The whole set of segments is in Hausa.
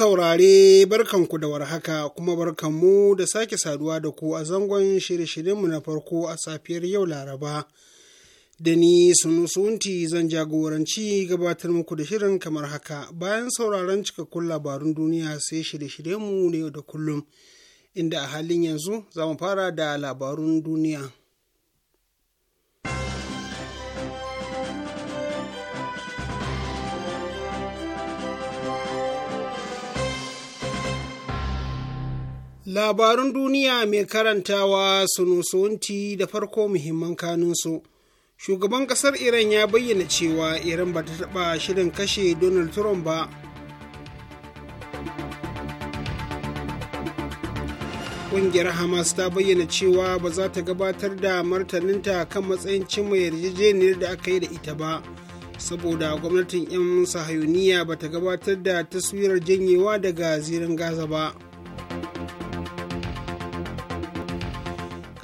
saurare barkanku da warhaka kuma barkanmu da sake saduwa da ku a zangon shirye-shiryenmu na farko a safiyar yau Laraba. Da ni sunti zan jagoranci gabatar muku da shirin kamar haka bayan sauraron cikakkun labarun duniya sai shirye-shiryenmu na yau da kullum inda a halin yanzu za mu fara da labarun duniya. Labarun duniya mai karantawa sunusunti da farko muhimman kanunsu. Shugaban ƙasar Iran ya bayyana cewa Iran ba ta taɓa shirin kashe Donald Trump ba. Ƙungiyar Hamas ta bayyana cewa ba za ta gabatar da martaninta kan matsayin cimma yarjejeniyar da aka yi da ita ba. saboda gwamnatin 'yan sahayuniya ba ta gabatar da taswirar janyewa daga zirin gaza ba.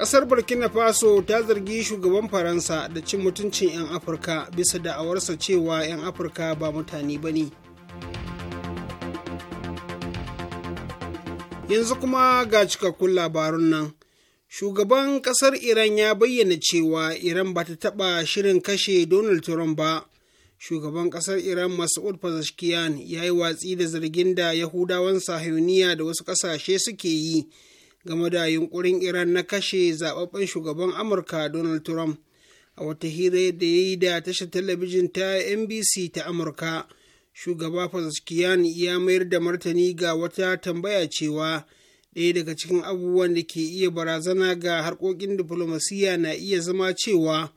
kasar burkina faso ta zargi shugaban faransa da cin mutuncin 'yan afirka bisa da'awarsa cewa 'yan afirka ba mutane ba ne yanzu kuma ga cikakkun labarun nan shugaban kasar iran ya bayyana cewa iran ba ta taba shirin kashe donald trump ba shugaban kasar iran masud pezeshkian ya yi watsi da zargin da yahudawan sahiyoniya da wasu kasashe suke yi game da yunkurin iran na kashe zababben shugaban amurka donald trump a wata hira da ya yi da tashar talabijin ta nbc ta amurka shugaba Pezeshkian ya mayar da martani ga wata tambaya cewa ɗaya daga cikin abubuwan da ke iya barazana ga harkokin diflomasiyya na iya zama cewa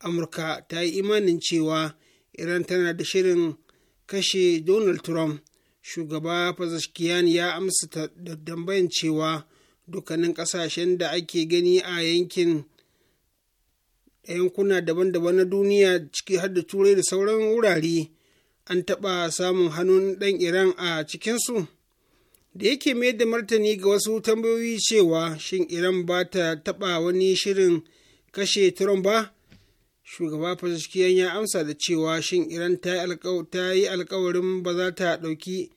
amurka ta yi imanin cewa iran tana da shirin kashe donald trump shugaba Pezeshkian ya amsa da tambayan cewa dukkanin ƙasashen da ake gani a yankin yankuna daban-daban na duniya ciki har da turai da sauran wurare an taɓa samun hannun ɗan iran a cikinsu da yake mai da martani ga wasu tambayoyi cewa shin iran ba ta taɓa wani shirin kashe trump ba shugaba fasashkiyan ya amsa da cewa shin iran ta yi alkawarin ba za ta ɗauki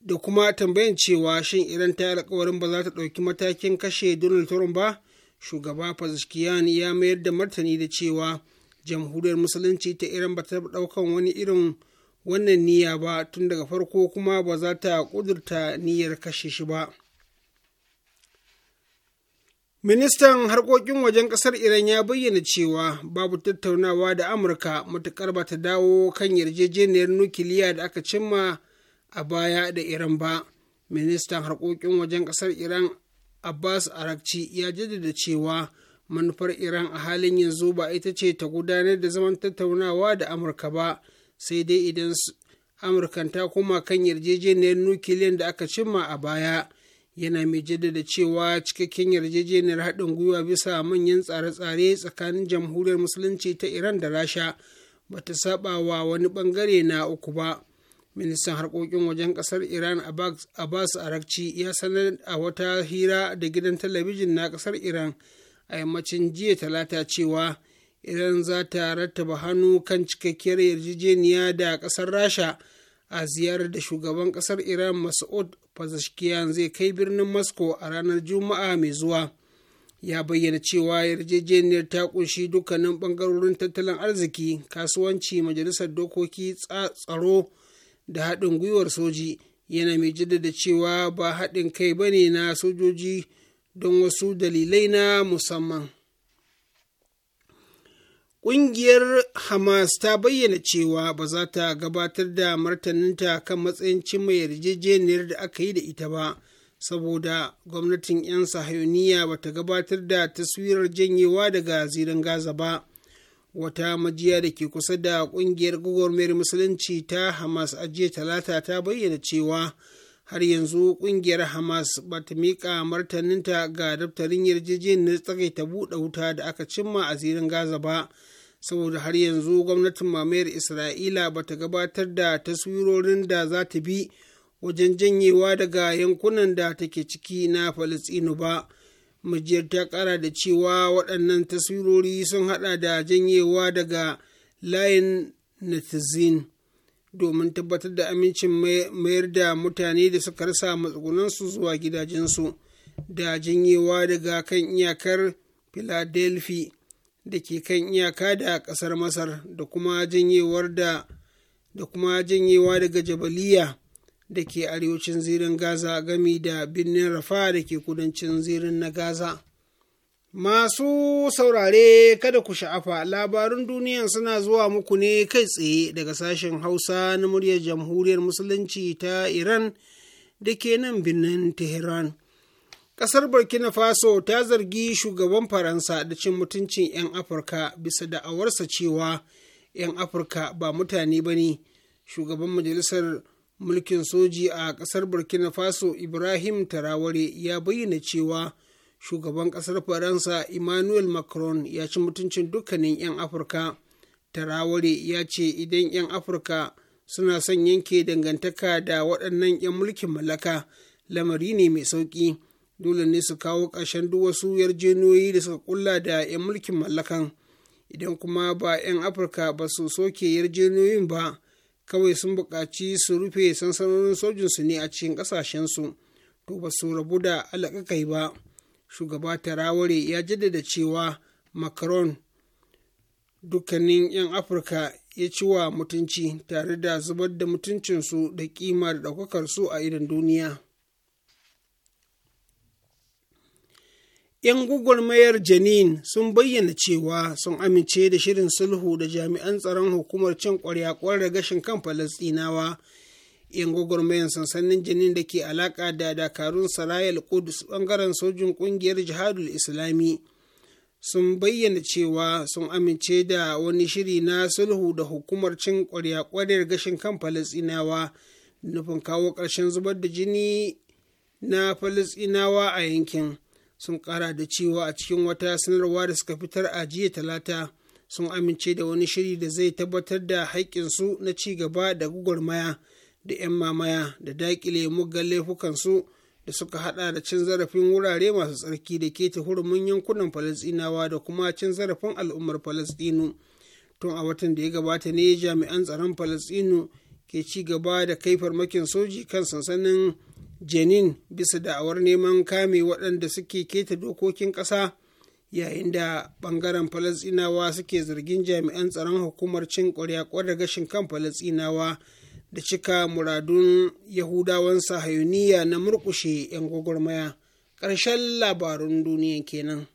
da kuma tambayan cewa shin iran ta yi alkawarin ba za ta ɗauki matakin kashe donald trump ba shugaba pezeshkian ya mayar da martani da cewa jamhuriyar musulunci ta iran ba ta ɗaukan wani irin wannan niyya ba tun daga farko kuma ba za ta ƙudurta niyyar kashe shi ba ministan harkokin wajen ƙasar iran ya bayyana cewa babu tattaunawa da amurka matuƙar ba ta dawo kan yarjejeniyar nukiliya da aka cimma a baya da iran ba ministan harkokin wajen ƙasar iran abbas arakci ya jaddada cewa manufar iran a halin yanzu ba ita ce ta gudanar da zaman tattaunawa da amurka ba sai dai idan amurkan ta koma kan yarjejeniyar nukiliyan da aka cimma a baya yana mai jaddada cewa cikakken yarjejeniyar haɗin gwiwa bisa manyan tsare-tsare tsakanin jamhuriyar musulunci ta iran da rasha ba ta saba wa wani bangare na uku ba ministan harkokin wajen kasar iran abbas arakci ya sanar a wata hira da gidan talabijin na kasar iran a yammacin jiya talata cewa iran za ta rattaba hannu kan cikakkiyar yarjejeniya da kasar rasha a ziyarar da shugaban kasar iran mas'ud pazashkiyan zai kai birnin moscow a ranar juma'a mai zuwa ya bayyana cewa yarjejeniyar ta kunshi dukkanin bangarorin tattalin arziki kasuwanci majalisar dokoki tsaro da haɗin gwiwar soji yana mai jaddada cewa ba haɗin kai ba ne na sojoji don wasu dalilai na musamman ƙungiyar hamas ta bayyana cewa ba za ta gabatar da martaninta kan matsayin cimma yarjejeniyar da aka yi da ita ba saboda gwamnatin 'yan sahayoniya ba ta gabatar da taswirar janyewa daga zirin gaza ba wata majiya da ke kusa da kungiyar gwagwarmayar musulunci ta hamas a jiya talata ta bayyana cewa har yanzu kungiyar hamas ba ta miƙa martaninta ga daftarin yarjejeniyar tsagaita buɗe wuta da aka cimma a zirin gaza ba saboda har yanzu gwamnatin mamayar isra'ila ba ta gabatar da taswirorin da za ta bi wajen janyewa daga yankunan da take ciki na falistinu ba majiyar ta kara da cewa waɗannan taswirori sun hada da janyewa daga layin natizin domin tabbatar da amincin mayar da mutane da suka rasa matsugunansu zuwa gidajensu da janyewa daga kan iyakar philadelphia da ke kan iyaka da ƙasar masar da kuma janyewa daga jabaliya da ke arewacin zirin gaza gami da birnin rafa da ke kudancin zirin na gaza masu saurare kada ku sha'afa labarun duniyan suna zuwa muku ne kai tsaye daga sashen hausa na muryar jamhuriyar musulunci ta iran da ke nan birnin tehran Ƙasar Burkina Faso ta zargi shugaban Faransa da cin mutuncin 'yan Afirka bisa da awarsa cewa 'yan Afirka ba mutane ba ne. Shugaban Majalisar mulkin soji a ƙasar burkina faso ibrahim taraware ya bayyana cewa shugaban ƙasar faransa emmanuel macron ya ci mutuncin dukkanin 'yan afirka taraware ya ce idan 'yan afirka suna son yanke dangantaka da waɗannan 'yan mulkin mallaka lamari ne mai sauƙi dole ne su kawo ƙarshen duk wasu yarjejeniyoyi da suka kula da 'yan mulkin mallakan idan kuma ba 'yan afirka ba su soke yarjejeniyoyin ba kawai sun buƙaci su rufe sansanonin sojinsu ne a cikin ƙasashensu to ba su rabu da alaƙaƙai ba shugaba taraware ya jaddada cewa macron dukkanin 'yan afirka ya ci wa mutunci tare da zubar da mutuncinsu da kimar ɗaukakarsu a irin duniya 'Yan gwagwarmayar Janin sun bayyana cewa sun amince da shirin sulhu da jami'an tsaron hukumar cin ƙwarya da gashin kan Falasɗinawa. 'Yan gwagwarmayar sansanin Janin da ke alaƙa da dakarun Sarayal kudus bangaren sojin ƙungiyar Jihadul Islami sun bayyana cewa sun amince da wani shiri na sulhu da hukumar cin ƙwarya gashin kan Falasɗinawa nufin kawo ƙarshen zubar da jini na Falasɗinawa a yankin. sun kara da cewa a cikin wata sanarwa da suka fitar a jiya talata sun amince da wani shiri da zai tabbatar da haƙƙinsu na ci gaba da gwagwarmaya da 'yan mamaya da daƙile muggan laifukansu da suka hada da cin zarafin wurare masu tsarki da ke ta hurumin yankunan falasɗinawa da kuma cin zarafin al'ummar falasɗinu tun a watan da ya gabata ne jami'an tsaron falasɗinu ke ci gaba da kai farmakin soji kan sansanin Jenin bisa da'awar neman kame waɗanda suke keta dokokin ƙasa yayin da ɓangaren Falasɗinawa suke zargin jami'an tsaron hukumar cin ƙwarya da gashin kan Falasɗinawa da cika muradun Yahudawan sahayuniya na murƙushe 'yan gwagwarmaya. Ƙarshen labarun duniya kenan.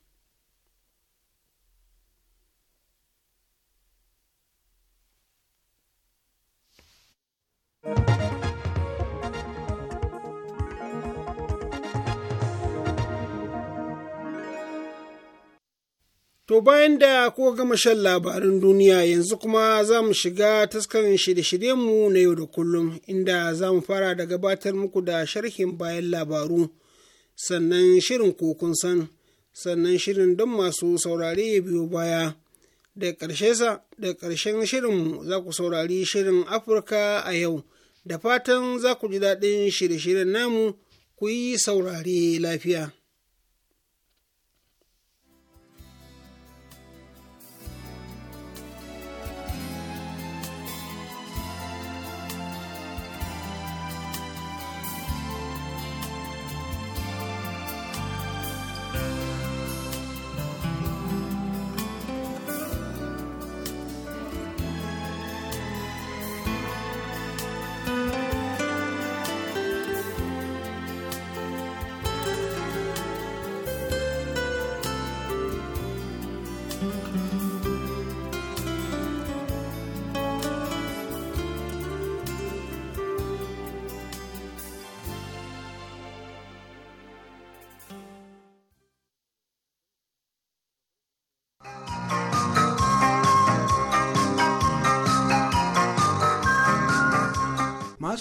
To bayan da kuka gama shan labarin duniya yanzu kuma za mu shiga taskarin shirye-shiryenmu na yau da kullum inda za mu fara da gabatar muku da sharhin bayan labaru sannan shirin kokun san sannan shirin don masu saurare biyo baya da ƙarshen shirin za ku saurari shirin Afirka a yau da fatan za ku ji daɗin shirye-shiryen namu ku yi saurare lafiya.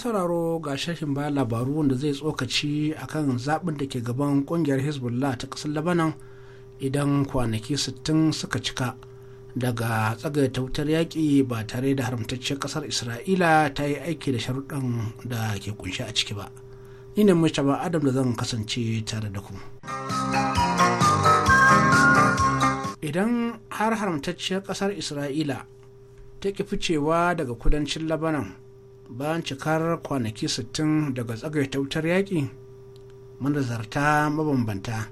sauraro ga shashin baya labaru wanda zai tsokaci a kan zaɓin da ke gaban ƙungiyar hezbollah ta ƙasar labanan idan kwanaki 60 suka cika daga tsagaita wutar yaƙi ba tare da haramtacciyar ƙasar isra'ila ta yi aiki da sharuɗan da ke kunshi a ciki ba ni ne ba adam da zan kasance tare da ku idan har haramtacciyar ƙasar isra'ila ta ki ficewa daga kudancin labanan bayan cikar kwanaki 60 daga tsagaita wutar yaƙi manazarta mabambanta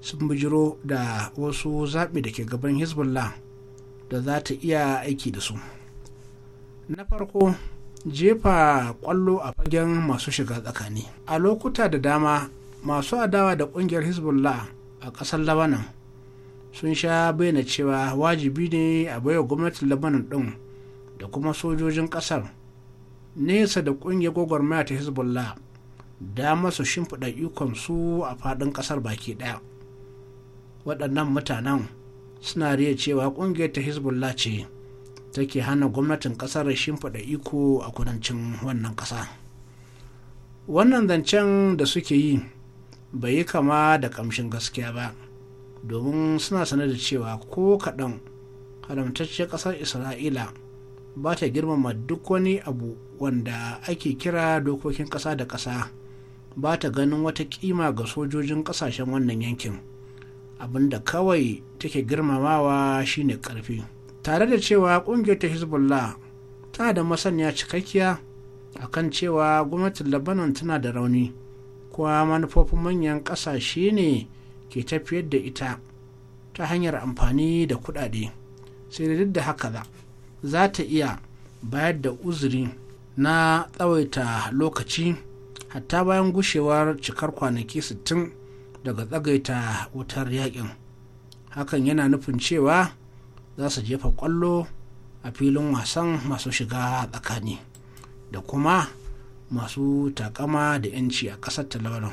sun bijiro da wasu zaɓi da ke gaban hezbollah da za ta iya aiki da su na farko jefa ƙwallo a fagen masu shiga tsakani a lokuta da dama masu adawa da ƙungiyar hezbollah a ƙasar labanan sun sha bayyana cewa wajibi ne a baiwa gwamnatin labanan ɗin da kuma sojojin ƙasar nesa da ƙungiyar gwagwarmaya ta hezbollah dama su shimfiɗa ikonsu a faɗin ƙasar baki ɗaya waɗannan mutanen suna riya cewa ƙungiyar ta hezbollah ce take hana gwamnatin ƙasar shimfiɗa iko a kudancin wannan ƙasa wannan zancen da suke yi bai yi kama da ƙamshin gaskiya ba domin suna sanar da cewa ko kaɗan haramtacciyar ƙasar isra'ila ba ta girmama duk wani abu wanda ake kira dokokin ƙasa da ƙasa ba ta ganin wata kima ga sojojin ƙasashen wannan yankin abin da kawai take girmamawa shine ƙarfi tare da cewa ƙungiyar ta hezbollah tana da masaniya cikakkiya a kan cewa gwamnatin labanon tana da rauni kuma manufofin manyan ƙasashe ne ke tafiyar da ita ta hanyar amfani da kuɗaɗe sai da duk da haka za za ta iya bayar da uzuri na tsawaita lokaci hatta bayan gushewar cikar kwanaki 60 daga tsagaita wutar yakin hakan yana nufin cewa za su jefa kwallo a filin wasan masu shiga tsakani da kuma masu takama da 'yanci a ƙasar talauran.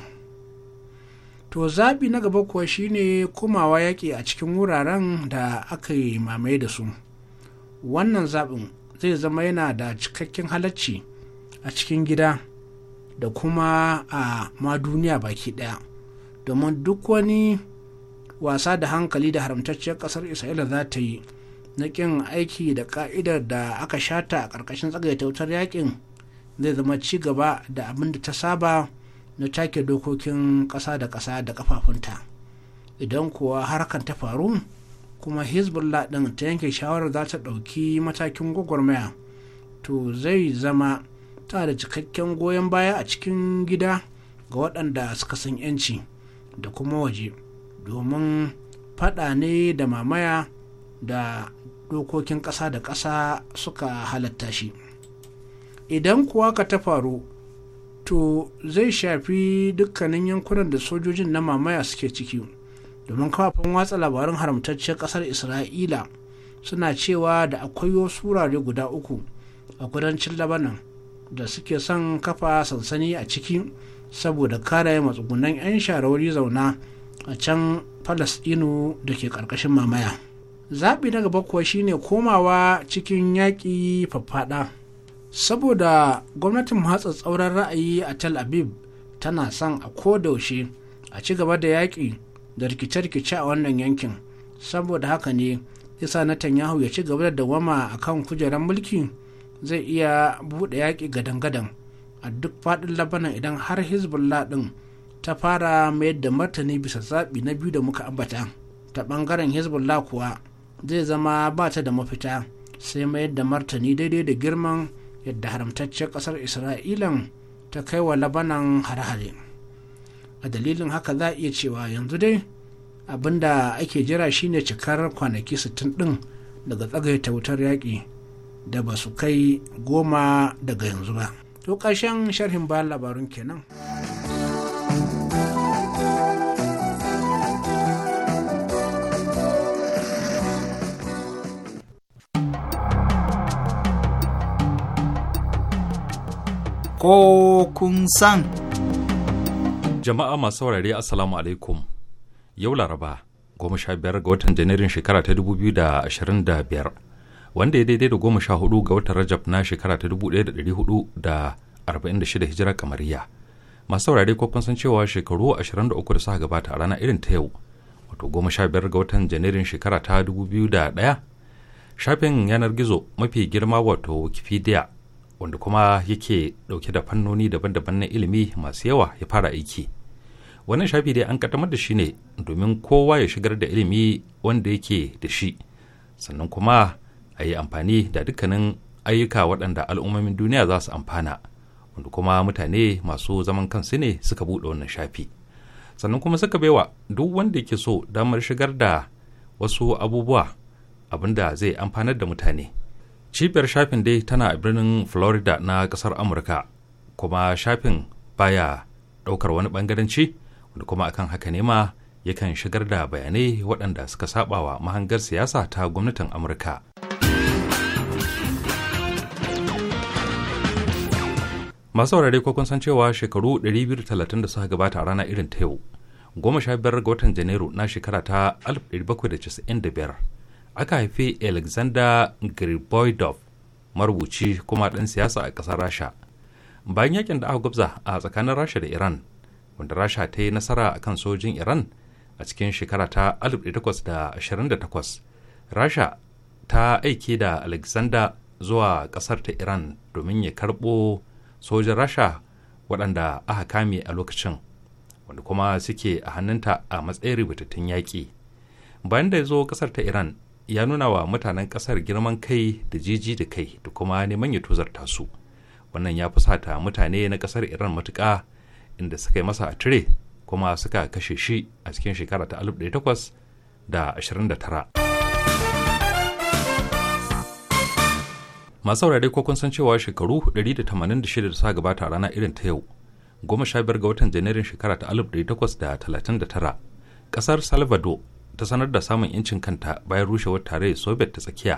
to zaɓi na gaba kuwa shine kumawa yaƙi a cikin wuraren da aka yi mamaye da su wannan zaɓin zai zama yana da cikakken halacci a cikin gida da kuma a ma duniya baki ɗaya domin duk wani wasa da hankali da haramtacciyar ƙasar isra'ila za ta yi na ƙin aiki da ƙa'idar da aka shata a ƙarƙashin tsagaita wutar yakin zai zama ci gaba da abin da ta saba na take dokokin ƙasa da ƙasa da ƙafafunta idan kuwa harkan ta faru kuma hezbollah ɗin ta yanke shawarar za ta ɗauki matakin gwagwarmaya to zai zama ta da cikakken goyon baya a cikin gida ga waɗanda suka san 'yanci da kuma waje domin faɗa ne da mamaya da dokokin ƙasa da ƙasa suka halatta shi idan kuwa ka ta faru to zai shafi dukkanin yankunan da sojojin na mamaya suke ciki domin kafafen watsa labaran haramtacciyar kasar isra'ila suna cewa da akwai wasu wurare guda uku a kudancin labanan da suke son kafa sansani a ciki saboda kare matsugunan 'yan sharawari zauna a can falasɗinu da ke ƙarƙashin mamaya zaɓi na gaba kuwa shine komawa cikin yaƙi faffaɗa saboda gwamnatin matsa tsauran ra'ayi a tel aviv tana son a ko daushe a ci gaba da yaƙi da rikice-rikice a wannan yankin saboda haka ne isa tanyahu ya ci gaba da dawama a kan kujerar mulki zai iya buɗe yaƙi gadan-gadan a duk faɗin labanan idan har hezbollah ɗin ta fara mayar da martani bisa zaɓi na biyu da muka ambata ta ɓangaren hezbollah kuwa zai zama ba ta da mafita sai mayar da martani daidai da girman yadda haramtaccen ƙasar isra'ilan ta kai wa labanan hare-hare. a dalilin haka za a iya cewa yanzu dai abin da ake jira shine cikar kwanaki 60 ɗin daga tsagaita wutar yaƙi da ba su kai goma daga yanzu ba to ƙarshen sharhin bayan labarun kenan. ko kun san. Jama'a masu saurare Assalamu alaikum. Yau Laraba, goma sha biyar ga watan Janairun shekara ta dubu biyu da ashirin da biyar, wanda ya daidai da goma sha hudu ga watan Rajab na shekara ta dubu ɗaya da ɗari hudu da arba'in da shida hijira kamariya. Masu saurare ko kun san cewa shekaru ashirin da uku da suka gabata a rana irin ta yau, wato goma sha biyar ga watan Janairun shekara ta dubu biyu da ɗaya. Shafin yanar gizo mafi girma wato Wikipedia wanda kuma yake dauke da fannoni daban-daban na ilimi masu yawa ya fara aiki wannan shafi dai an kaddamar da shi ne domin kowa ya shigar da ilimi wanda yake da shi sannan kuma a yi amfani da dukkanin ayyuka waɗanda al'ummomin duniya za su amfana wanda kuma mutane masu zaman kansu ne suka buɗe wannan shafi sannan kuma suka baiwa duk wanda ke so damar shigar da wasu abubuwa abinda zai amfanar da mutane cibiyar shafin dai tana a birnin florida na kasar amurka kuma shafin baya daukar wani bangaranci wanda kuma akan haka ne ma yakan shigar da bayanai waɗanda suka sabawa mahangar siyasa ta gwamnatin amurka masu saurare ko kun san cewa shekaru 230 da suka gabata a rana irin ta yau goma sha biyar ga watan janairu na shekara ta 1795 aka haifi alexander griboidov marubuci kuma ɗan siyasa a ƙasar rasha bayan yakin da aka gwabza a tsakanin rasha da iran wanda rasha ta yi nasara a kan sojin iran a cikin shekara ta 1828 rasha ta aiki da alexander zuwa ƙasar ta iran domin ya karɓo sojin rasha waɗanda aka kame a lokacin wanda kuma suke a hannunta a matsayin rubutattun yaƙi bayan da ya zo ƙasar ta iran ya nuna wa mutanen ƙasar girman kai da jiji da kai da kuma neman ya tozarta su wannan ya fi fusata mutane na ƙasar iran matuka inda suka yi masa a tire kuma suka kashe shi a cikin shekara ta 1829 masu saurare ko kun san cewa shekaru 186 da sa gabata rana irin ta yau goma sha biyar ga watan janairun shekara ta 1839 kasar salvador ta sanar da samun 'yancin kanta bayan rushewar tarayyar soviet ta tsakiya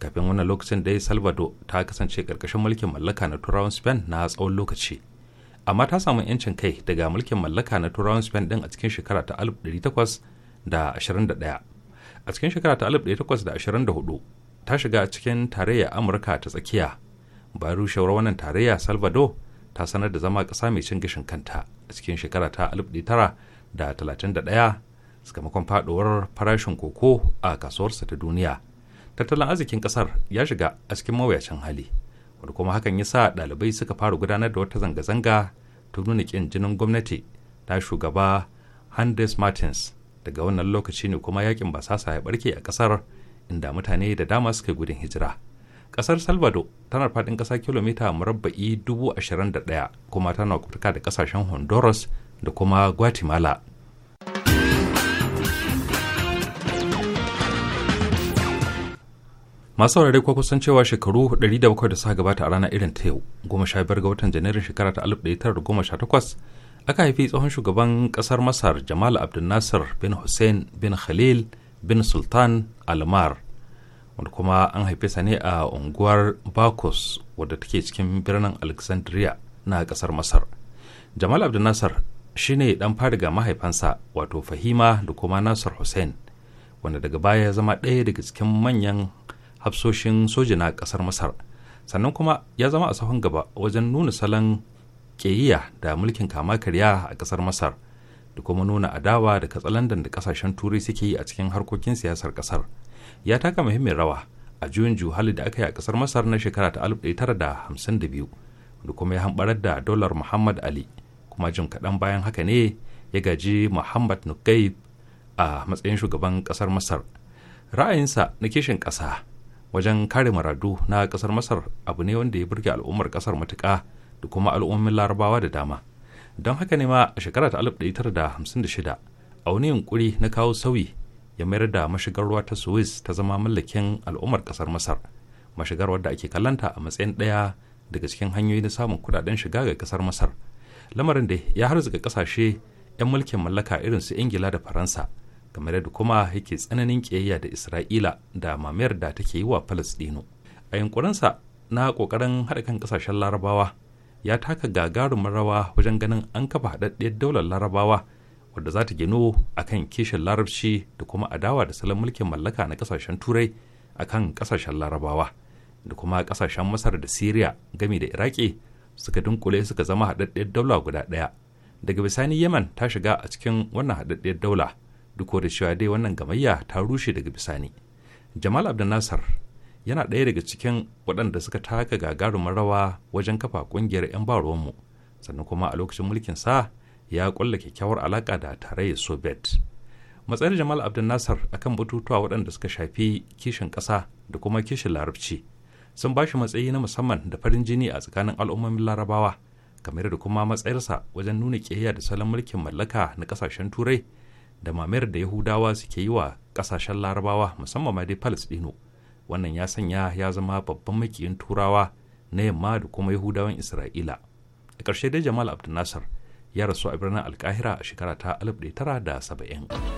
kafin wannan lokacin dai salvador ta kasance karkashin mulkin mallaka na turawan spain na tsawon lokaci amma ta samu 'yancin kai daga mulkin mallaka na turawan spain din a cikin shekara ta 1821 a cikin shekara ta 1824 ta shiga cikin tarayya amurka ta tsakiya bayan rushewar wannan tarayya salvador ta sanar da zama kasa mai cin gashin kanta a cikin shekara ta 1931 sakamakon faduwar farashin koko a kasuwarsa ta duniya tattalin arzikin kasar ya shiga a cikin mawuyacin hali wanda kuma hakan ya sa ɗalibai suka fara gudanar da wata zanga-zanga ta nuna ƙin jinin gwamnati ta shugaba handes martins daga wannan lokaci ne kuma yakin basasa ya barke a kasar inda mutane da dama suka gudun hijira kasar salvador tana faɗin ƙasa kilomita murabba'i ɗaya kuma tana kutuka da ƙasashen honduras da kuma guatemala masu saurare ko kusan cewa shekaru 107 da suka gabata a rana irin ta yau goma sha biyar ga watan janairun shekara ta 1918 aka haifi tsohon shugaban ƙasar masar jamal abdul bin hussein bin khalil bin sultan almar wanda kuma an haife sa ne a unguwar bakus wadda take cikin birnin alexandria na kasar masar jamal abdul nasir shine dan fariga mahaifansa wato fahima da kuma nasir hussein wanda daga baya ya zama ɗaya daga cikin manyan hafsoshin soja na kasar masar sannan kuma ya zama a sahun gaba wajen nuna salon keyiya da mulkin kama karya a kasar masar da kuma nuna adawa da katsalandan da kasashen turai suke yi a cikin harkokin siyasar kasar ya taka muhimmin rawa a juyin juhali da aka yi a kasar masar na shekara ta 1952 da da biyu kuma ya hambarar da dolar muhammad ali kuma jin kaɗan bayan haka ne ya gaji muhammad nukaib a matsayin shugaban kasar masar ra'ayinsa na kishin ƙasa wajen kare maradu na kasar masar abu ne wanda ya burge al'ummar kasar matuka da kuma al'ummin larabawa da dama don haka ne ma a shekara ta 1956 a wani yunkuri na kawo sauyi ya mayar da mashigar ruwa ta suez ta zama mallakin al'ummar kasar masar mashigar wadda ake kallanta a matsayin ɗaya daga cikin hanyoyi na samun kudaden shiga ga kasar masar lamarin da ya harzuka kasashe 'yan mulkin mallaka irin su ingila da faransa kamar yadda kuma yake tsananin ƙiyayya da isra'ila da mamayar da take yi wa falastino a yunkurinsa na ƙoƙarin haɗa kan ƙasashen larabawa ya taka gagarumin rawa wajen ganin an kafa haɗaɗɗiyar daular larabawa wadda za ta gino a kan kishin larabci da kuma adawa da salon mulkin mallaka na ƙasashen turai a kan ƙasashen larabawa da kuma ƙasashen masar da siriya gami da iraki suka dunkule suka zama haɗaɗɗiyar daula guda ɗaya daga bisani yemen ta shiga a cikin wannan haɗaɗɗiyar daula duk da cewa dai wannan gamayya ta rushe daga bisani jamal abdul nasar yana ɗaya daga cikin waɗanda suka taka gagarumin rawa wajen kafa ƙungiyar 'yan baruwanmu sannan kuma a lokacin mulkin sa ya ƙulla kyakkyawar alaƙa da tarayyar soviet matsayar jamal abdul nasar akan batutuwa waɗanda suka shafi kishin ƙasa da kuma kishin larabci sun ba shi matsayi na musamman da farin jini a tsakanin al'ummomin larabawa kamar da kuma matsayarsa wajen nuna ƙiyayya da salon mulkin mallaka na ƙasashen turai da mamayar da yahudawa suke yi wa kasashen larabawa musamman ma dai dino wannan ya sanya ya zama babban makiyin turawa na yamma da kuma yahudawan isra'ila a ƙarshe dai jamal nasar ya rasu a birnin alkahira a shekara ta 1970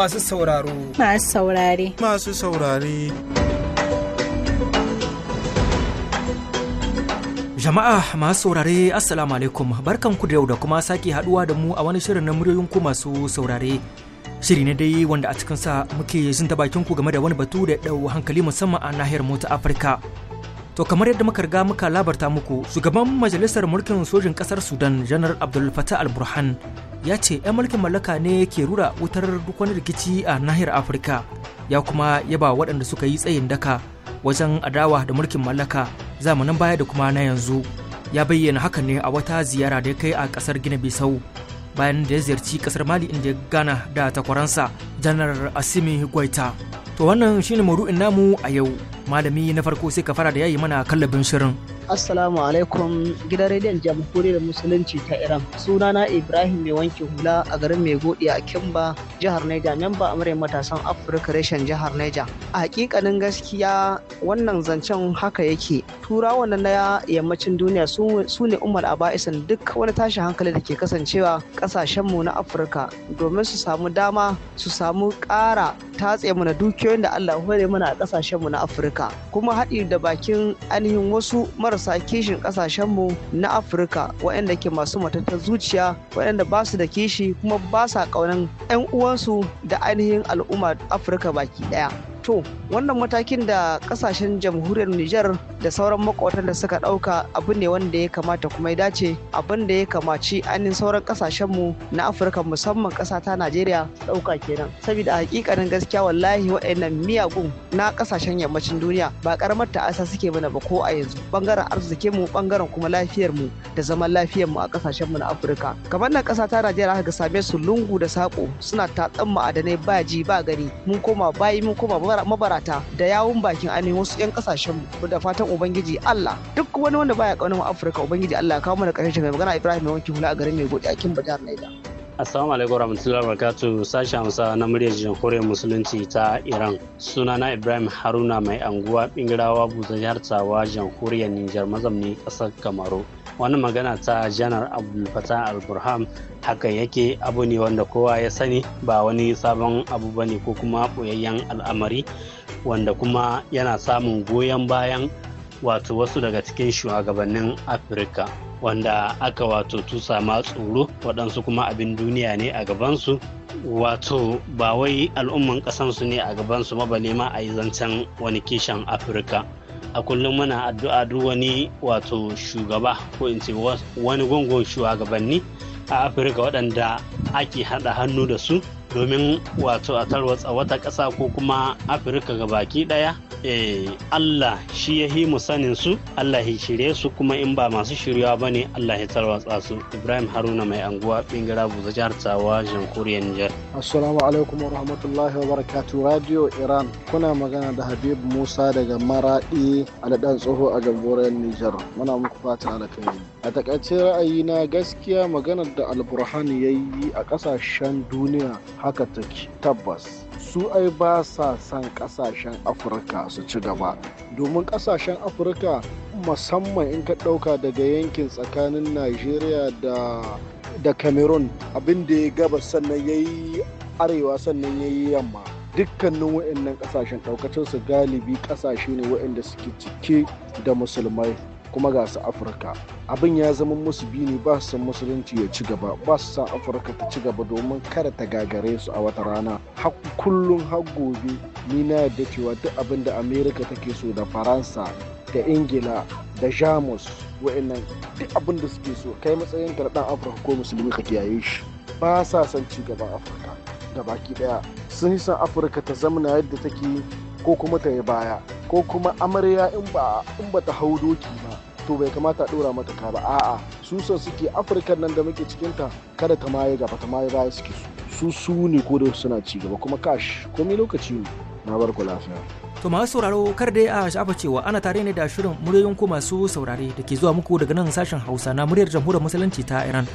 masu sauraro. Masu saurare. Masu saurare. Jama'a masu saurare Assalamu alaikum barkanku da yau da kuma sake haduwa da mu a wani shirin na muryoyin ku masu saurare. Shiri ne dai wanda a cikin sa muke jin ta bakin ku game da wani batu da dau hankali musamman a nahiyar mota Afirka. To kamar yadda muka riga muka labarta muku shugaban majalisar mulkin sojin ƙasar Sudan janar Abdul Fattah al-Burhan ya ce 'yan mulkin mallaka ne ke rura wutar duk wani rikici a nahiyar Afirka ya kuma yaba waɗanda suka yi tsayin daka wajen adawa da mulkin mallaka zamanin baya da kuma na yanzu ya bayyana haka ne a wata ziyara da ya kai a ƙasar Gina Bisau bayan da ya ziyarci ƙasar Mali inda ya gana da takwaransa janar Asimi Gwaita. To wannan shine maru'in namu a yau. malami na farko sai ka fara da yayi mana kallabin shirin Assalamu alaikum gidan rediyon jamhuriyar musulunci ta Iran. Sunana Ibrahim mai wanke hula a garin mai godi a Kimba, jihar niger memba amurai matasan Afirka reshen jihar Niger. A hakikanin gaskiya wannan zancen haka yake. Turawa na na yammacin duniya su ne umar aba'isan duk wani tashin hankali da ke kasancewa kasashen mu na Afirka domin su samu dama su samu ƙara tatse mana dukiyoyin da Allah hore mana a kasashen mu na Afirka. afirka kuma haɗi da bakin ainihin wasu marasa kishin ƙasashenmu na afirka waɗanda ke masu matattar zuciya waɗanda ba su da kishi kuma ba sa ƙaunan 'yan uwansu da ainihin al'ummar afirka baki ɗaya to wannan matakin da kasashen jamhuriyar Nijar da sauran makwatan da suka ɗauka abu ne wanda ya kamata kuma ya dace abin da ya kamaci anin sauran kasashen mu na Afirka musamman kasa ta Najeriya ɗauka kenan saboda hakikanin gaskiya wallahi waɗannan miyagun na kasashen yammacin duniya ba karamar ta'asa suke mana ba ko a yanzu bangaren arzikin mu bangaren kuma lafiyar mu da zaman lafiyar mu a kasashen mu na Afirka kamar nan kasa ta Najeriya haka same su lungu da sako suna tatsan ma'adanai ba ji ba gari mun koma bayi mun koma bara mabarata da yawun bakin ainihin wasu 'yan kasashen mu da fatan ubangiji Allah duk wani wanda baya kaunar mu Afirka ubangiji Allah ya kawo mana karshen mai magana Ibrahim mai wanki hula a garin mai godi a kin Bajar Naija. Assalamu alaikum warahmatullahi wabarakatuh sashi amsa na muryar jamhuriyar musulunci ta Iran. Sunana Ibrahim Haruna mai anguwa bingirawa buzan jihar Tsawa jamhuriyar Nijar mazamni kasar Kamaru. wani magana ta janar abdulfatah alburham haka yake abu ne wanda kowa ya sani ba wani sabon abu ba ne ko kuma ɓoyayyen al'amari wanda kuma yana samun goyon bayan wato wasu daga cikin shugabannin afirka wanda aka wato tusa ma tsoro waɗansu kuma abin duniya ne a gabansu wato ba wai al'umman ƙasansu ne a gabansu mabale ma a yi zancen wani kishin afirka a kullum muna addu'a duk wani wato shugaba ko in ce wani gungun shugabanni a afirka waɗanda ake hada hannu da su domin wato a tarwatsa wata ƙasa ko kuma afirka ga baki ɗaya eh, Allah shi ya himu sanin su Allah ya shirye su kuma in ba masu shiryawa ba ne Allah ya tarwatsa su Ibrahim Haruna mai anguwa bingira buza jihar tawa jamhuriyar Nijar. Assalamu alaikum wa rahmatullahi wa barakatu Radio Iran kuna magana da Habib Musa daga maraɗi a tsoho a jamhuriyar Nijar muna muku fata alkhairi. A takaice ra'ayi na gaskiya maganar da Alburhan ya yi a ƙasashen duniya haka take tabbas su ai ba sa son kasashen afirka su ci gaba domin kasashen afirka musamman in ka ɗauka daga yankin tsakanin nigeria da da cameroon abin da ya gaba sannan ya yi arewa sannan ya yi yamma dukkanin waɗannan ƙasashen ɗaukacinsu galibi ƙasashe ne waɗanda suke cike da musulmai kuma ga su afirka abin ya zama musu biyu ne ba su san musulunci ya ci gaba ba su san afirka ta ci gaba domin kada ta gagare su a wata rana kullum har gobe ni na yadda cewa duk abin da amerika take so da faransa da ingila da jamus wa'annan duk abin da suke so kai matsayin karɗan afirka ko musulmi ka kiyaye shi ba sa son ci gaban afirka da baki daya sun yi san afirka ta zamana yadda take ko kuma ta yi baya ko kuma amarya in ba ta hau doki ba to bai kamata a dora mata ka ba a'a su san suke afirka nan da muke cikin ta kada ta maye gaba ta maye baya suke su su ne ko da suna ci gaba kuma kash komai lokaci ne na bar ku lafiya to masu sauraro kar dai a shafa cewa ana tare ne da shirin muryoyin ko masu saurare da ke zuwa muku daga nan sashen hausa na muryar jamhuriyar musulunci ta iran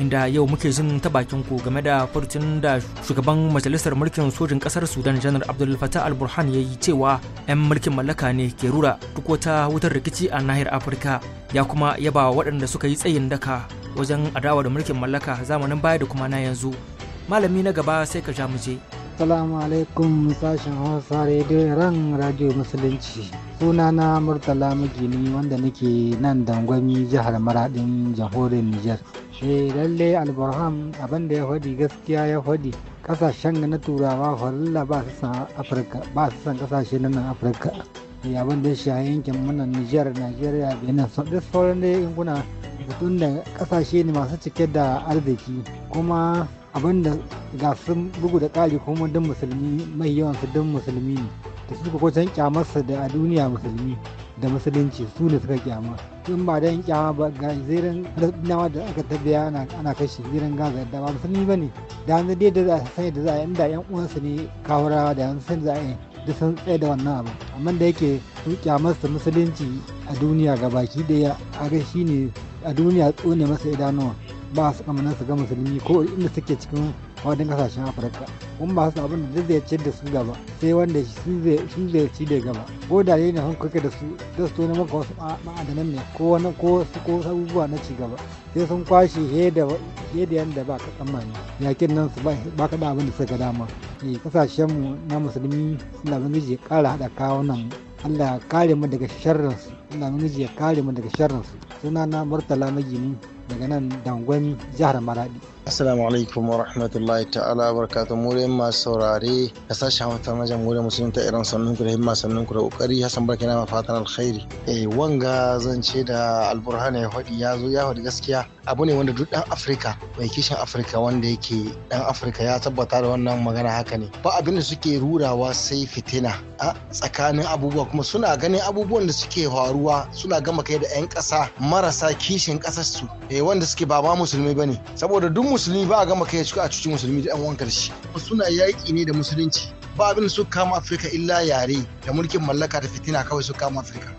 inda yau muke jin ta bakin ku game da furtun da shugaban majalisar mulkin sojin kasar Sudan janar Abdul Fattah al-Burhan ya yi cewa 'yan mulkin mallaka ne ke rura duk wata wutar rikici a nahiyar Afirka ya kuma yaba waɗanda suka yi tsayin daka wajen adawa da mulkin mallaka zamanin baya da kuma na yanzu malami na gaba sai ka ja mu je. Assalamu alaikum sashen Hausa Radio Ran Radio Musulunci. Sunana Murtala mugini wanda nake nan dangwami jihar Maradin jamhuriyar niger. shi lalle alburham abin da ya faɗi gaskiya ya faɗi kasashen na turawa falla ba su san ba kasashe na nan afirka abin da ya shahi yankin mana nijar najeriya benin duk sauran da yankuna mutum da kasashe ne masu cike da arziki kuma abin da ga sun bugu da ƙari kuma don musulmi mai yawan su don musulmi ne da su kwacin kyamarsa da a duniya musulmi da musulunci su ne suka kyama in ba da yin kyama ba ga zirin nama da aka tabbiya ana kashe zirin gaza da ba musulmi ba ne da yanzu dai da za a sani da za a yi inda yan uwansu ne kawarawa da yanzu san za a yi da sun tsaye da wannan abu amma da yake su kyamarsa musulunci a duniya ga baki daya a ga shi ne a duniya tsone masa idanuwa ba su kamanansa ga musulmi ko inda suke cikin a wajen kasashen afirka kun ba su abin da zai ci da su gaba sai wanda shi zai ci da gaba ko da ne sun kuke da su da su tona maka wasu ma'adanan ne ko wani ko su ko abubuwa na ci gaba sai sun kwashe da yadda ba ka tsammani yakin nan su ba ka da abin da suka dama eh, kasashen mu na musulmi suna namiji ya kara haɗa kawo nan Allah ya kare mu daga sharrinsu Allah na ya kare mu daga sunana Murtala Magini daga nan Dangwami jihar Maradi Assalamu alaikum wa rahmatullahi ta'ala wa barakatuh dai masu saurare a sashen hamtar na jamhuriyar musulun ta iran sannun ku da himma sannun ku da kokari hassan barka na fatan alkhairi eh wanga ce da alburhana ya faɗi ya zo ya faɗi gaskiya abu ne wanda duk dan afirka mai kishin afirka wanda yake dan afirka ya tabbata da wannan magana haka ne ba abin da suke rurawa sai fitina a tsakanin abubuwa kuma suna ganin abubuwan da suke faruwa suna gama kai da yan kasa marasa kishin kasar su eh wanda suke ba ma musulmi bane saboda duk musulmi ba a gama kai a cikin musulmi da 'yan wankar shi suna yaƙi ne da musulunci ba abin su kama afirka illa yare da mulkin mallaka da fitina kawai su kama afirka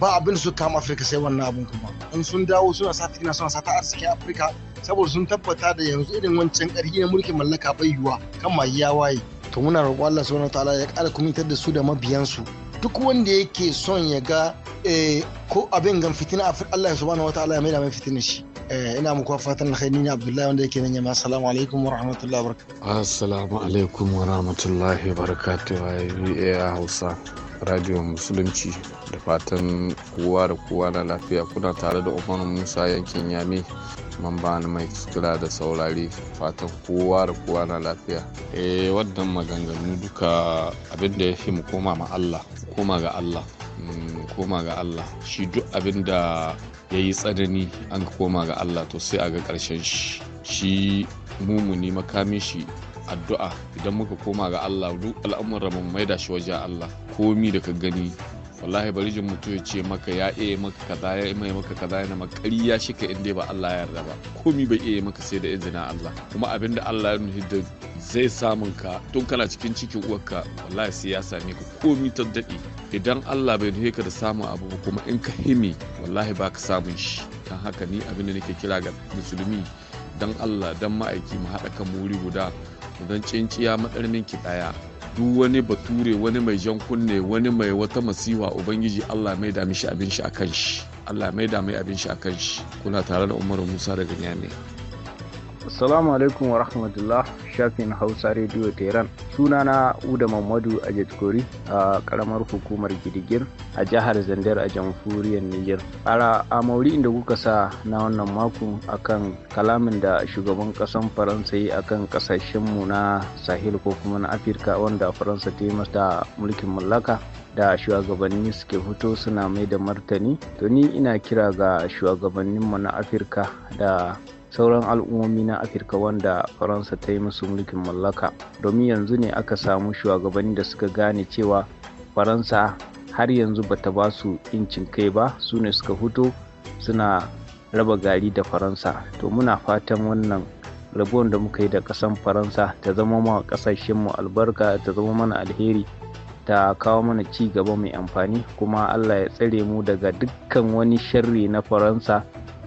ba abin su kama afirka sai wannan abin kuma in sun dawo suna sa fitina suna sa ta arzikin afirka saboda sun tabbata da yanzu irin wancan ƙarfi na mulkin mallaka bai yiwa kan mai ya waye to muna roƙon Allah subhanahu ta'ala ya ƙara kumintar da su da mabiyansu duk wanda yake son ya ga eh, ko abin gan fitina a Allah subhanahu wataala ya da mai fitina shi eh, ina muku fatan alkhairi ne Abdullahi wanda yake nan yamma assalamu alaikum wa rahmatullahi wa barakatuh assalamu alaikum wa rahmatullahi wa barakatuh ya Hausa radio musulunci da fatan kowa da kowa na lafiya kuna tare da Umar Musa yankin Yami. mamba na mai kira da saurari fatan kowa da kowa na lafiya e wannan maganganu duka abinda da ya fi mu koma ma Allah koma ga Allah mm, koma ga Allah shi duk abinda da ya yi tsanani an koma ga Allah to sai a ga ƙarshen shi shi mumuni makamin shi addu'a idan muka koma ga Allah duk al'amuran mu maida shi wajen Allah komi da ka gani wallahi bari jin mutum ya ce maka ya iya maka kaza ya iya maka kaza yana makari ya shika in dai ba Allah ya yarda ba komi bai iya maka sai da izinin Allah kuma abin da Allah ya nuhi da zai samun ka tun kana cikin cikin uwarka wallahi sai ya same ka komi ta daɗi idan Allah bai nuhi ka da samun abu kuma in ka himi wallahi ba ka samun shi kan haka ni abin da nake kira ga musulmi dan Allah dan ma'aiki mu haɗa kan wuri guda don cinciya matsalmin ki duk wani bature wani mai jan kunne wani mai wata masiwa ubangiji Allah mai da mishi abin shi a kan shi Allah mai da mai abin shi a kan shi kuna tare da Umar Musa daga Niamey Assalamu alaikum wa rahmatullah shafin Hausa Radio Tehran. Sunana Uda Mamadu Kori a karamar hukumar Gidigir a jihar Zandar a jamhuriyar Niger. Ara a mauri inda kuka sa na wannan makon akan kalamin da shugaban kasan Faransa yi akan kasashen mu na Sahel ko kuma na Afirka wanda Faransa ta yi masa mulkin mallaka da shugabanni suke fito suna mai da martani. To ni ina kira ga shugabanninmu na Afirka da sauran al'ummomi na afirka wanda faransa ta yi musu mulkin mallaka domin yanzu ne aka samu shugabanni da suka gane cewa faransa har yanzu bata ba su incin kai ba su ne suka fito suna raba gari da faransa to muna fatan wannan rabuwan da muka yi da kasan faransa ta zama ma mu albarka ta zama mana alheri ta kawo mana ci gaba mai amfani kuma allah ya tsare mu daga dukkan wani sharri na faransa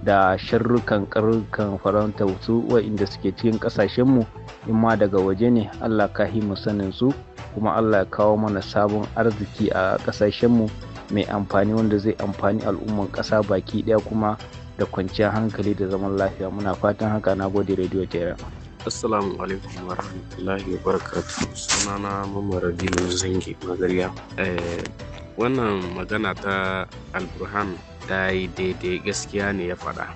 da sharrukan karrukan faranta su wa'inda suke cikin kasashenmu in ma daga waje ne allah ka himu sanin su kuma allah ya kawo mana sabon arziki a kasashenmu mai amfani wanda zai amfani al'umman ƙasa baki daya kuma da kwanciyar hankali da zaman lafiya muna fatan haka na gode radio tera assalamu alaikum wa rahmatullahi wa barakatu sunana mamara dino zangi magariya eh, wannan magana ta alburhan ta yi daidai gaskiya ne ya faɗa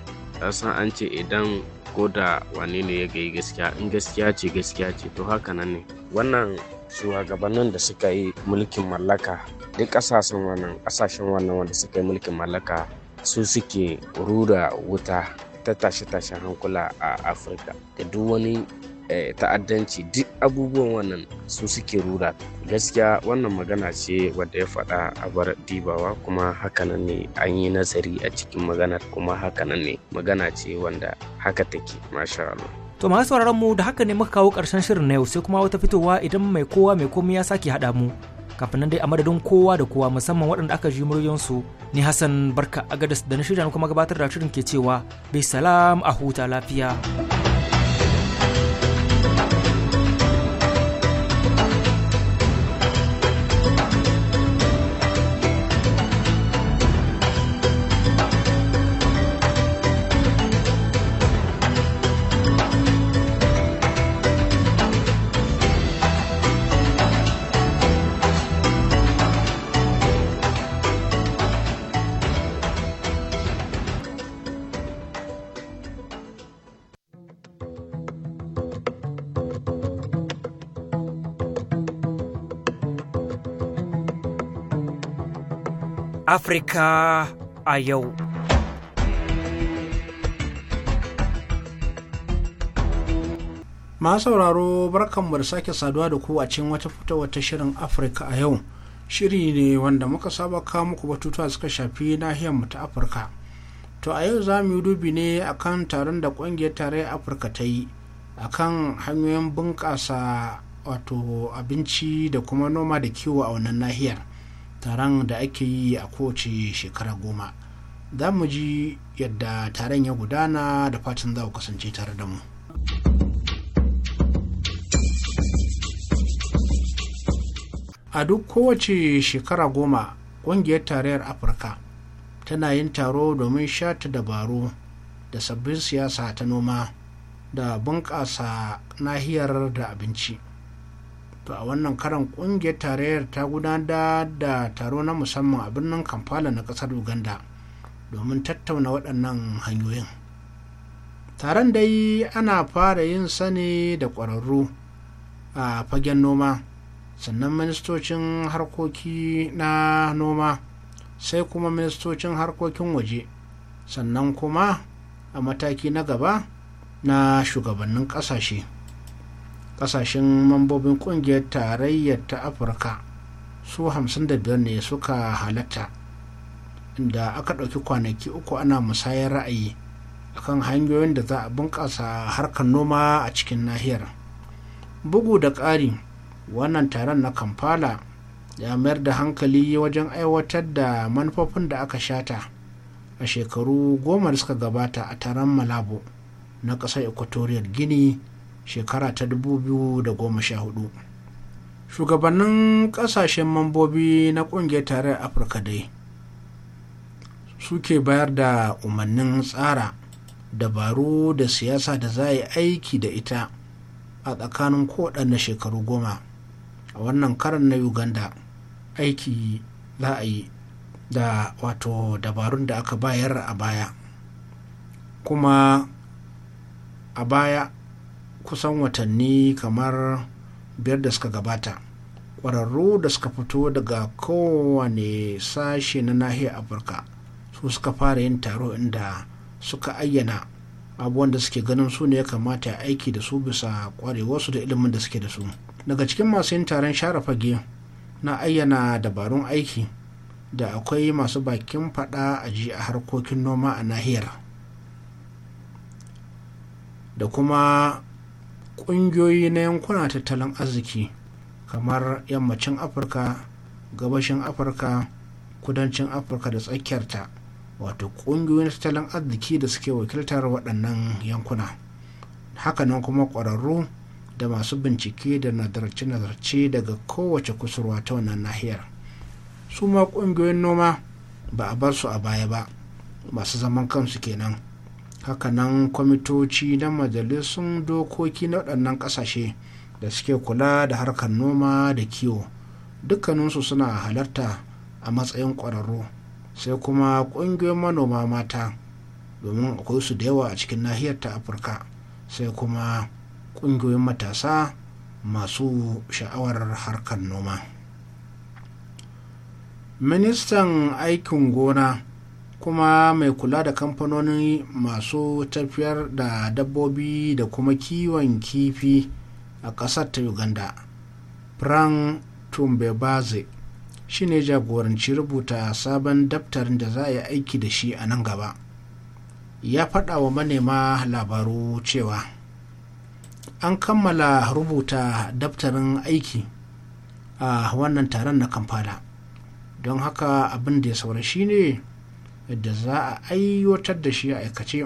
san an ce idan ko da wani ne ya gayi gaskiya in gaskiya ce gaskiya ce to haka nan ne wannan shugabannin da suka yi mulkin mallaka duk ƙasashen wannan ƙasashen wannan wanda suka yi mulkin mallaka su suke rura wuta ta tashe-tashen hankula a afirka da duk wani Eh, ta'addanci duk abubuwan wannan su suke rura gaskiya wannan magana ce wadda ya faɗa a bar dibawa kuma hakanan ne an yi nazari a cikin maganar kuma hakanan ne magana ce wanda haka take masha Allah. To masu sauraron mu da haka ne muka kawo ƙarshen shirin na yau sai kuma wata fitowa idan mai kowa mai komai ya sake haɗa mu. Kafin nan dai a madadin kowa da kowa musamman waɗanda aka ji muryoyinsu ni Hassan Barka Agadas da na shirya kuma gabatar da shirin ke cewa bai salam a huta lafiya. Afirka a yau. Ma sauraro barkanmu da sake saduwa da ku a cikin wata fitowar wata shirin Afirka a yau. Shiri ne wanda muka saba kawo muku batutuwa suka shafi nahiyar mu ta Afirka. To a yau za mu yi dubi ne akan taron da ƙungiyar tarayyar Afirka ta yi akan hanyoyin bunƙasa wato abinci da kuma noma da kiwo a wannan nahiyar. taron da ake yi a kowace shekara goma za mu ji yadda taron ya gudana da fatan za ku kasance tare da mu a duk kowace shekara goma ƙungiyar tarayyar afirka tana yin taro domin shata dabaru da sabbin siyasa ta noma da bunƙasa nahiyar da abinci to a wannan karan kungiyar tarayyar ta gudanar da taro na musamman a birnin kampala na kasar uganda domin tattauna waɗannan hanyoyin taron dai ana fara yin sani da ƙwararru a fagen noma sannan ministocin harkoki na noma sai kuma ministocin harkokin waje sannan kuma a mataki na gaba na shugabannin ƙasashe. kasashen mambobin kungiyar tarayyar ta afirka su 55 ne suka halatta inda aka ɗauki kwanaki uku ana musayar ra'ayi akan hanyoyin da za a bunƙasa harkar noma a cikin nahiyar bugu da ƙari wannan taron na kampala ya mayar da hankali wajen aiwatar da manufofin da aka shata a shekaru goma da suka gabata a taron malabo na ƙasar equatorial guinea shekara ta 2014 shugabannin kasashen mambobi na kungiyar tarayyar afirka dai suke bayar da umarnin tsara dabaru da siyasa da za a yi aiki da ita a tsakanin kowaɗanne shekaru goma a wannan karan na uganda aiki za a yi da wato dabarun da aka bayar a baya kuma a baya kusan watanni kamar biyar da suka gabata ƙwararru da suka fito daga kowane sashe na nahiyar afirka su suka fara yin taro inda suka ayyana abubuwan da suke ganin su ne ya kamata aiki da su bisa ƙwarewarsu da ilimin da suke da su daga cikin masu yin taron share fage na ayyana dabarun aiki da akwai masu bakin fada a ji a harkokin noma a nahiyar da kuma ƙungiyoyi na yankuna tattalin arziki kamar yammacin afirka gabashin afirka kudancin afirka da tsakiyarta wato ƙungiyoyin tattalin arziki da suke wakiltar waɗannan yankuna hakanan kuma ƙwararru da masu bincike da nazarce-nazarce daga kowace kusurwa ta wannan nahiyar su ma ƙungiyoyin noma ba a bar su a baya ba masu zaman kansu kenan hakanan kwamitoci na majalisun dokoki na waɗannan ƙasashe da suke kula da harkar noma da kiwo dukkaninsu suna halarta a matsayin ƙwararru sai kuma ƙungiyoyin manoma mata domin akwai su da yawa a cikin nahiyar ta afirka sai kuma ƙungiyoyin matasa masu sha'awar harkar noma ministan aikin gona kuma mai kula da kamfanoni masu tafiyar da dabbobi da kuma kiwon kifi a ƙasar ta uganda frank tumbebaze shi ne jagoranci rubuta sabon daftarin da za a yi aiki da shi a nan gaba ya faɗa wa manema labaru cewa an kammala rubuta daftarin aiki a wannan taron na kamfada don haka abin da ya saura shine ne Yadda za a aiwatar da shi a aikace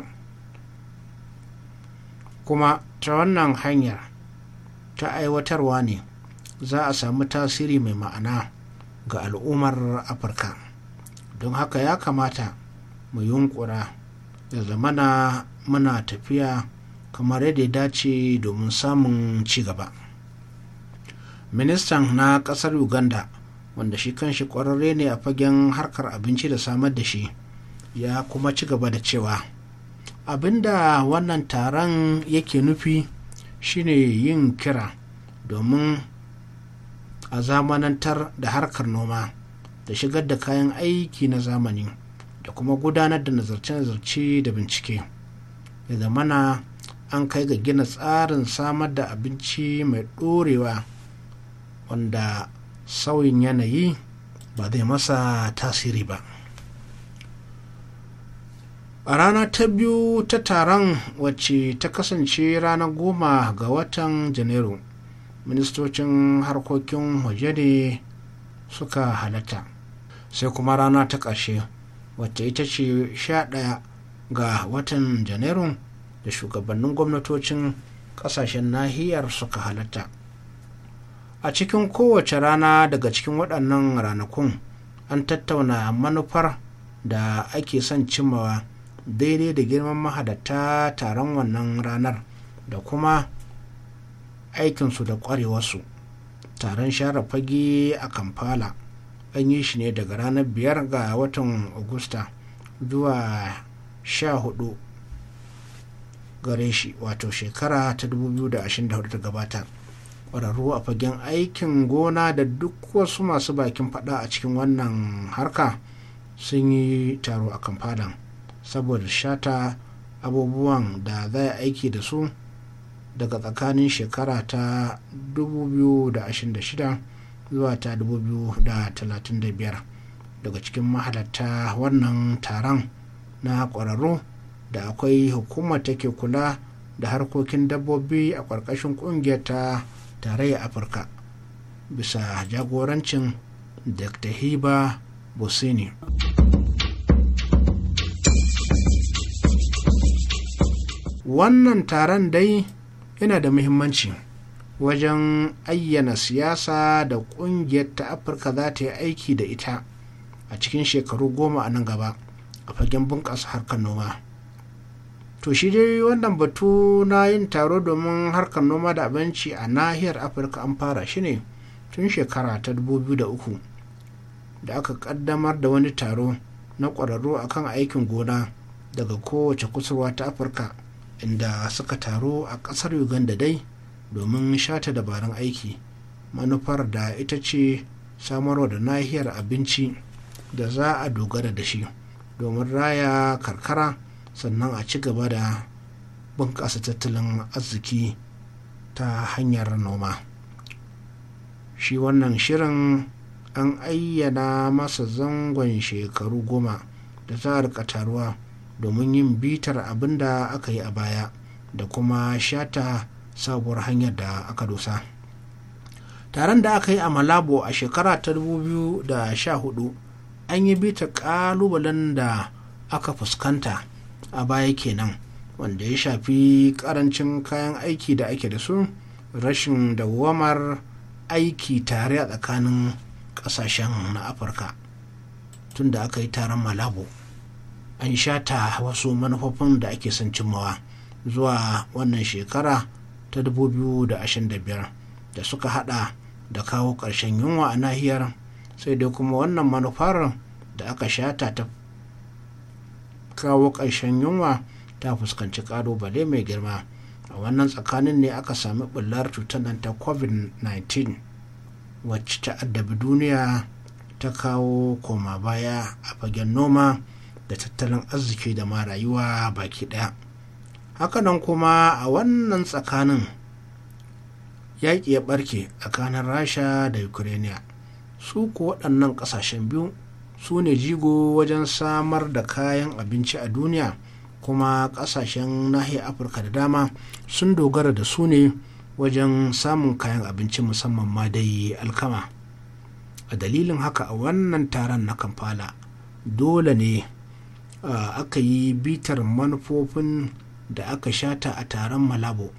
kuma ta wannan hanyar ta aiwatarwa ne za a samu tasiri mai ma'ana ga al'ummar afirka don haka ya kamata mu yunkura da zamana muna tafiya kamar yadda ya dace domin samun ci gaba ministan na kasar uganda wanda shi kanshi kwararre ne a fagen harkar abinci da samar da shi ya kuma ci gaba da cewa abinda wannan taron yake nufi shine yin kira domin a zamanantar da harkar noma da shigar da kayan aiki na zamani da kuma gudanar da nazarce-nazarce da bincike ya zamana an kai ga gina tsarin samar da abinci mai ɗorewa wanda sauyin yanayi ba zai masa tasiri ba a rana ta biyu ta taron wacce ta kasance ranar goma ga watan janairu ministocin harkokin waje ne suka halatta sai kuma rana ta ƙarshe wacce ita ce sha ɗaya ga watan Janairu? da shugabannin gwamnatocin ƙasashen nahiyar suka halatta a cikin kowace rana daga cikin waɗannan ranakun an tattauna manufar da ake son cimawa daidai da girman mahadatta taron wannan ranar da kuma aikinsu da kwarewarsu taron share fage a kampala an yi shi ne daga ranar biyar ga watan Agusta zuwa sha hudu gare shi wato shekara ta 2024 ta gabata kwararru a fagen aikin gona da duk wasu masu bakin fada a cikin wannan harka sun yi taro a kamfadan saboda shata abubuwan da za a aiki da su daga tsakanin shekara ta 2026 zuwa ta 2035 daga cikin mahalarta wannan taron na kwararru da akwai hukumar take kula da harkokin dabbobi a ƙarƙashin ƙungiyar ta tarayyar afirka bisa jagorancin dr hiba bosini. wannan taron dai yana da muhimmanci wajen ayyana siyasa da ƙungiyar ta afirka za ta yi aiki da ita a cikin shekaru goma a nan gaba a fagen bunƙasa harkar noma to shi dai wannan batu na yin taro domin harkar noma da abinci a nahiyar afirka an fara shi ne tun shekara ta dubu biyu da uku da aka kaddamar da wani taro na ƙwararru akan aikin gona daga kowace kusurwa ta afirka inda suka taru a ƙasar uganda dai domin shata dabarun aiki manufar da ita ce samarwa da nahiyar abinci da za a dogara da shi domin raya karkara sannan a ci gaba da bunƙasa tattalin arziki ta hanyar noma shi wannan shirin an ayyana masa zangon shekaru goma da za a taruwa domin yin bitar abin da aka yi a baya da kuma shata sabuwar hanyar da aka dosa taron da aka yi a malabo a shekara ta 2014 an yi bitar kalubalen da aka fuskanta a baya kenan wanda ya shafi karancin kayan aiki da ake da su rashin dawamar aiki tare a tsakanin kasashen na afirka tun da aka yi taron malabo an shata wasu manufofin da ake son cimmawa zuwa wannan shekara ta 2025 da suka hada da kawo ƙarshen yunwa a nahiyar sai dai kuma wannan manufar da aka shata ta kawo ƙarshen yunwa ta fuskanci ƙalubale mai girma a wannan tsakanin ne aka sami bullar cutar ta covid-19 wacce ta addabi duniya ta kawo koma baya a fagen noma da tattalin arziki da ma rayuwa baki ɗaya hakanan kuma a wannan tsakanin yaƙi ya ɓarke tsakanin rasha da ukraine su ku waɗannan ƙasashen biyu su ne jigo wajen samar da kayan abinci a duniya kuma ƙasashen nahiyar afirka da dama sun dogara da su ne wajen samun kayan abinci musamman ma dai alkama a dalilin haka a wannan taron na kamfala dole ne aka yi bitar manufofin da aka shata a taron malabo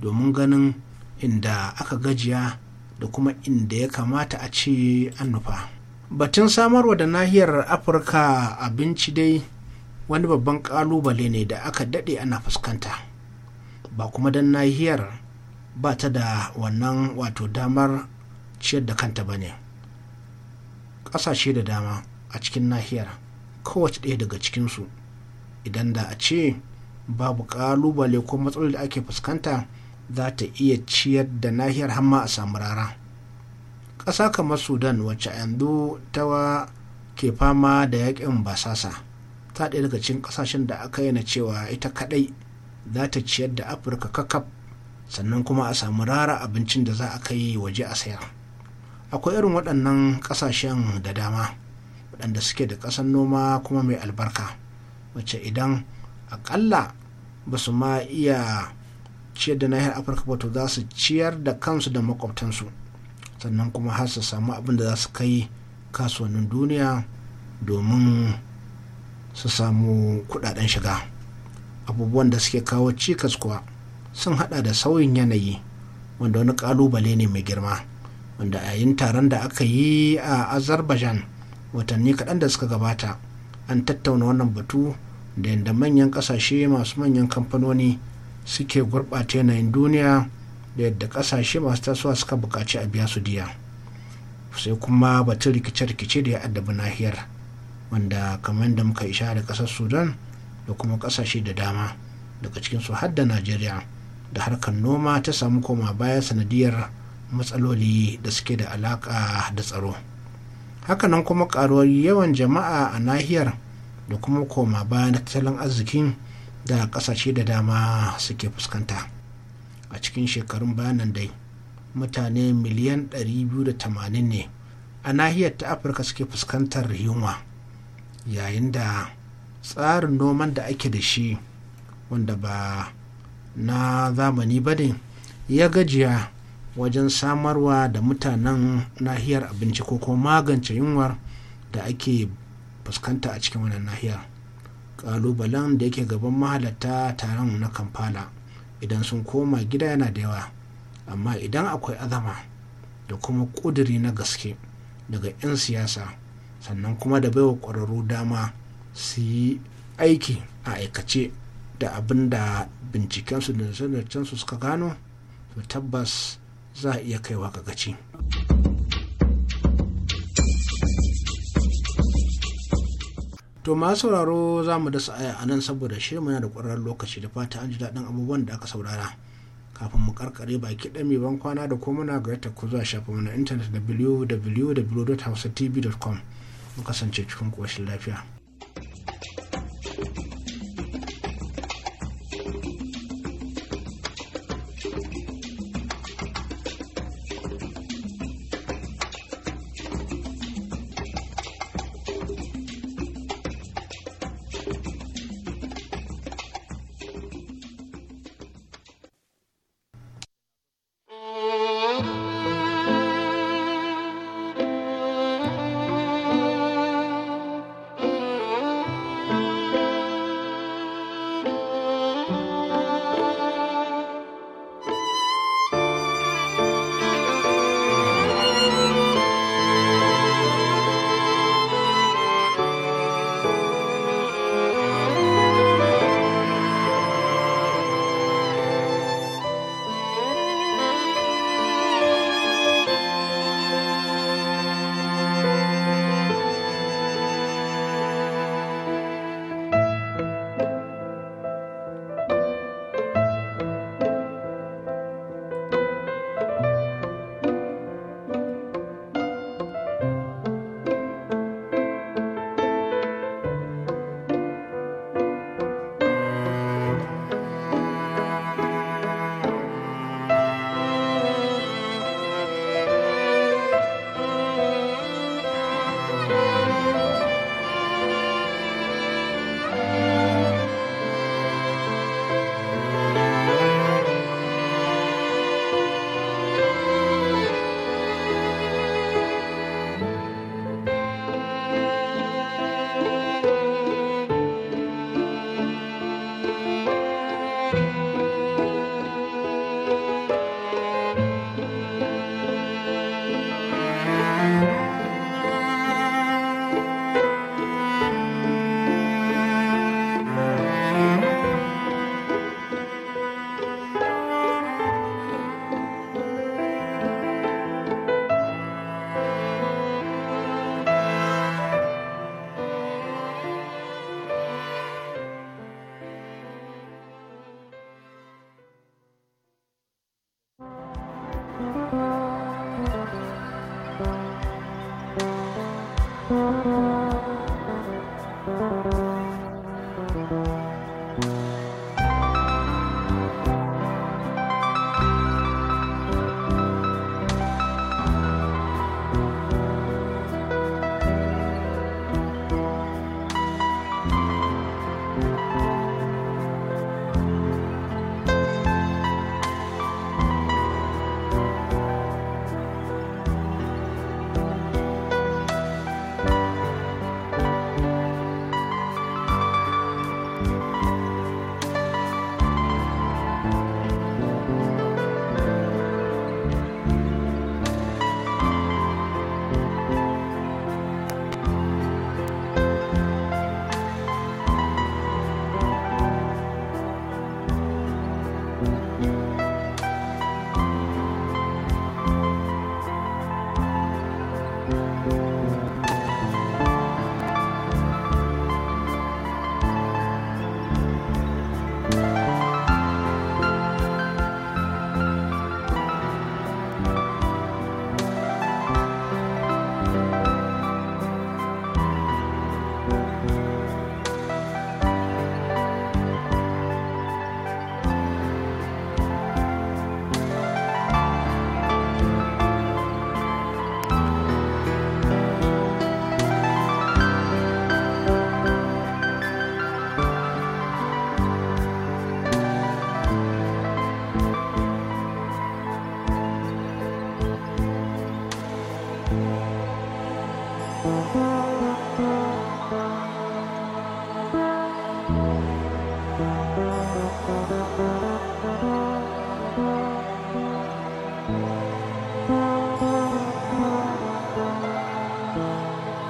domin ganin inda aka gajiya da kuma inda ya kamata a ce an nufa batun samarwa da nahiyar afirka abinci dai wani babban kalubale ne da aka daɗe ana fuskanta ba kuma don nahiyar ba ta da wannan wato damar ciyar da kanta ba ne ƙasashe da dama a cikin nahiyar kowace ɗaya daga cikinsu idan da a ce babu ƙalubale ko matsaloli da ake fuskanta za ta iya ciyar da nahiyar hamma a samu rara ƙasa kamar sudan wacce a yanzu tawa ke fama da yaƙin basasa ta ɗaya daga cikin ƙasashen da aka yana cewa ita kaɗai za ta ciyar da afirka kakaf sannan kuma a samu rara abincin da za a kai waje a sayar akwai irin waɗannan ƙasashen da dama waɗanda suke da ƙasar noma kuma mai albarka wacce idan aƙalla ba su ma iya ciyar da nahiyar afirka ba to za su ciyar da kansu da makwabtansu sannan kuma har su samu abin da za su kai kasuwannin duniya domin su samu kudaden shiga abubuwan da suke kawo cikas kuwa sun hada da sauyin yanayi wanda wani kalubale ne mai girma wanda yayin taron da aka yi a azerbaijan watanni kaɗan da suka gabata an tattauna wannan batu da yadda manyan ƙasashe masu manyan kamfanoni suke gurɓata yanayin duniya da yadda ƙasashe masu tasowa suka buƙaci a biya su diya sai kuma batun rikice-rikice da ya addabi nahiyar wanda kamar da muka isha da ƙasar sudan da kuma ƙasashe da dama daga cikinsu har da najeriya da harkar noma ta samu koma baya sanadiyar matsaloli da suke da alaƙa da tsaro. hakanan kuma karuwar yawan jama'a a nahiyar da kuma koma bayan tattalin arzikin da kasashe da dama suke fuskanta a cikin shekarun bayanan dai mutane miliyan 280 ne a nahiyar ta afirka suke fuskantar yunwa yayin da tsarin noman da ake da shi wanda ba na zamani ba ne ya gajiya wajen samarwa da mutanen nahiyar abinci ko kuma magance yunwar da ake fuskanta a cikin wannan nahiyar kalubalen da yake gaban mahalarta taron na kampala idan sun koma gida yana da yawa amma idan akwai azama da kuma kuduri na gaske daga 'yan siyasa sannan kuma da baiwa kwararru dama su yi aiki a aikace da abin da bincikensu da sanarcensu suka gano to tabbas za a iya kaiwa ga gaci. To ma sauraro za mu dasa aya a nan saboda shirin muna da ƙwararren lokaci da fata an ji daɗin abubuwan da aka saurara. Kafin mu karkare baki ɗan mai ban kwana da kuma muna gayyata ku zuwa shafin mu na intanet www.hausatv.com mu kasance cikin ƙoshin lafiya.